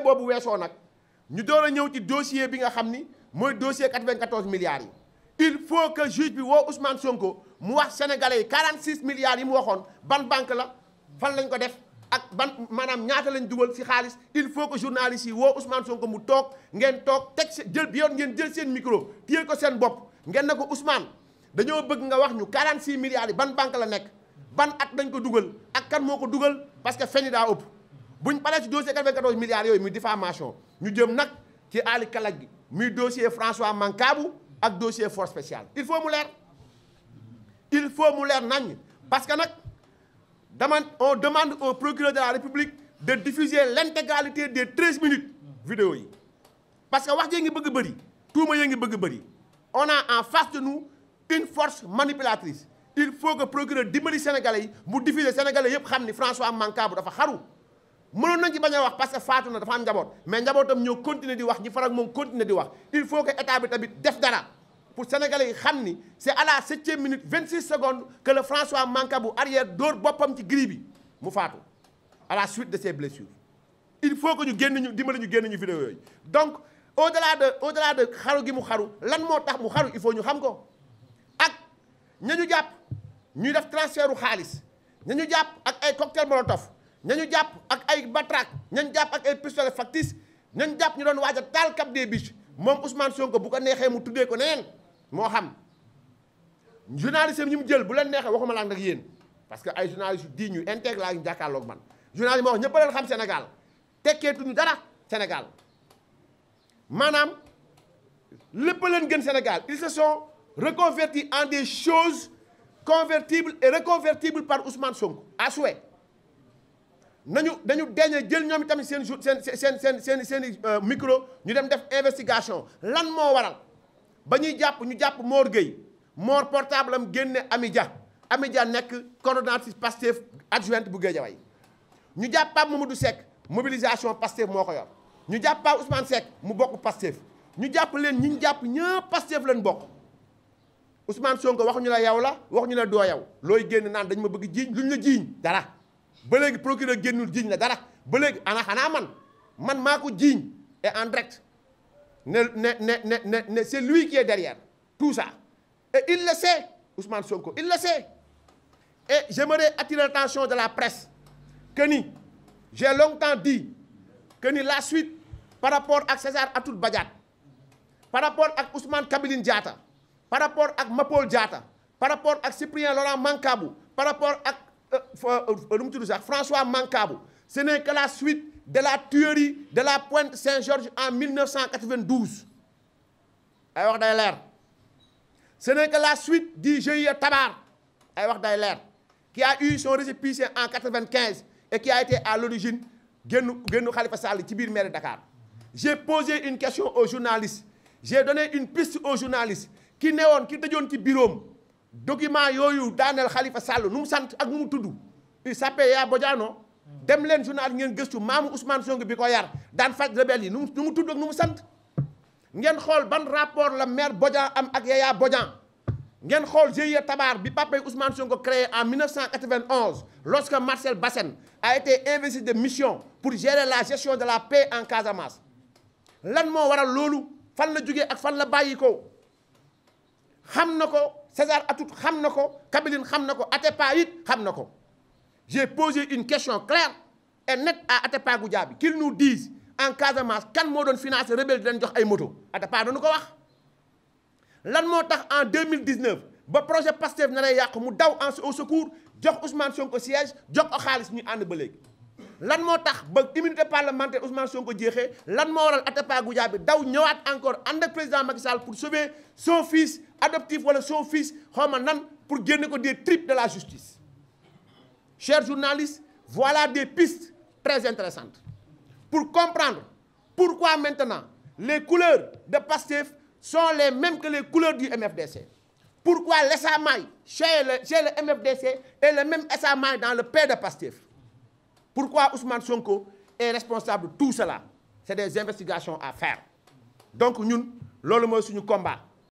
délai boobu weesoo nag ñu door a ñëw ci dossier bi nga xam ni mooy dossier 94 milliards yi il faut que juge bi woo Ousmane Sonko mu wax sénégalais yi 46 milliards yi mu waxoon ban banque la fan lañ ko def ak ban maanaam ñaata lañ dugal ci xaalis il faut que journalistes yi woo Ousmane Sonko mu toog ngeen toog teg jël bi yoon ngeen jël seen micro téye ko seen bopp ngeen ne ko Ousmane dañoo bëgg nga wax ñu 46 milliards yi ban banque la nekk ban at lañ ko dugal ak kan moo ko dugal parce que feni daa buñ paree ci dossier 94 milliards yooyu muy diffamation ñu jëm nag ci Ali Kalaj gi muy dossier François Mancabou ak dossier force spéciale il faut mu leer il faut mu leer nañ parce que nag demande on demande au procureur de la République de diffuser l'intégralité des 13 minutes vidéo yi parce que wax jee ngi bëgg bëri tuuma yee ngi bëgg bëri on a en face de nous une force manipulatrice il faut que procureur dimbali sénégalais yi mu diffuser sénégalais yëpp xam ni François Mancabou dafa xaru mënoon nañ ci bañ wax parce que faatu na dafa am njaboot mais njabootam ñoo continuer di wax ñi farak moom continuer di wax il faut que état bi tamit def dara pour sénégalais yi xam ni c'est à la septième minute vingt six secondes que le François Mancabou arrière dóor boppam ci gris bi mu faatu à la suite de ses blessures il faut que ñu génn ñu dimbali ñu génn ñu vidéo yooyu donc au delà de au delà de xaru gi mu xaru lan moo tax mu xaru il faut ñu xam ko ak ña ñu jàpp ñuy def transfertu xaalis ña jàpp ak ay cocktail molotov ñu jàpp ak ay batraak ñañ jàpp ak ay pistolet factice ñañ jàpp ñu doon waaj a taal Cap des Biches moom Ousmane Sonko bu ko neexee mu tuddee ko neneen moo xam journaliste ñu mu jël bu leen neexee waxuma la ak yéen parce que ay journaliste yu ñu intègre laa ñu jàkkaarloog man journaliste moo wax ñëpp leen xam Sénégal tekkeetuñu dara Sénégal maanaam lépp leen gën Sénégal ils se son reconvertis en des choses convertibles et reconvertibles par Ousmane Sonko à souhait nañu dañu deñe jël ñoom itamit seen jour seen seen seen seen seen i euh, micro ñu dem def investigation lan moo waral ba ñuy jàpp ñu jàpp moor Gueye moor portable am génne Amidia Amidia nekk coordonnatrice Pastef adjointe bu Guédiawaye ñu jàpp mu Mamadou Seck mobilisation Pastef moo ko yor ñu jàpp Pape Ousmane mu bokk Pastef ñu jàpp leen ñi ñu jàpp ñëpp Pastef leen bokk Ousmane Sonko waxuñu la yow la waxuñu la doo yow looy génn naan dañu ma bëgg jiiñ luñ la jiiñ dara ba léegi procureur génnul jiiñ la dara ba léegi ana xanaa man man maa ko jiiñ et en direct ne ne ne ne ne c'est lui qui est derrière tout ça et il le sait Ousmane Sonko il le sait et j'aimerais attirer l'attention de la presse que ni j'ai longtemps dit que ni la suite par rapport ak César Atoute Badiate par rapport ak Ousmane Kabiline jaata par rapport ak Mapol jaata par rapport ak Cyprien Laurent Mancabou par rapport ak lu euh, euh, mu tudd sax François Mancabou ce n'est que la suite de la tuerie de la Pointe Saint-Georges en 1992 ay wax day leer ce n'est que la suite du GIE Tabar ay wax day leer qui a eu son récépissé en 95 et qui a été à l'origine génnu génnu Khalifa Sall ci biir mairie Dakar j'ai posé une question aux journalistes j'ai donné une piste aux journalistes ki newoon ki tëjoon ci biroom document yooyu daaneel Khalifa Sall nu mu sant ak nu mu tudd il s'appelle Yaya dem leen journal ngeen gëstu maamu Ousmane Sonko bi ko yar daan faj rebelle yi nu mu nu mu tudd ak nu mu sant ngeen xool ban rapport la maire Bodian am ak Yaya Bodian ngeen xool GIE Tabar bi papay Ousmane Sonko créé en 1991 lorsque Marcel Bassène a été investi de mission pour gérer la gestion de la paix en Casamance lan moo waral loolu fan la jógee ak fan la bàyyi ko xam César Atoute xam na ko Kabiline xam na ko Atepa it xam na ko j'ai posé une question claire et nette à Atepa Goudiaby qu'il nous dise en Casamance kan moo doon financé rebelle di leen jox ay moto Atepa dañu ko wax lan moo tax en 2019 ba projet Pastef na lay yàqu mu daw en au secours jox Ousmane Sonko siège jox ko xaalis ñu ànd ba léegi lan moo tax ba parlementaire Ousmane Sonko jeexee lan moo waral Atepa Goudiaby bi daw ñëwaat encore ànd ak président Macky Sall pour sauver son fils adoptif wala son fils xawma nan pour génne ko des tripes de la justice chers journalistes voilà des pistes très intéressantes pour comprendre pourquoi maintenant les couleurs de Pastef sont les mêmes que les couleurs du MFDC pourquoi l'essamay chez le chez le MFDC est le même essamay dans le pays de Pastef pourquoi Ousmane Sonko est responsable de tout cela c'est des investigations à faire donc ñun loolu mooy suñu combat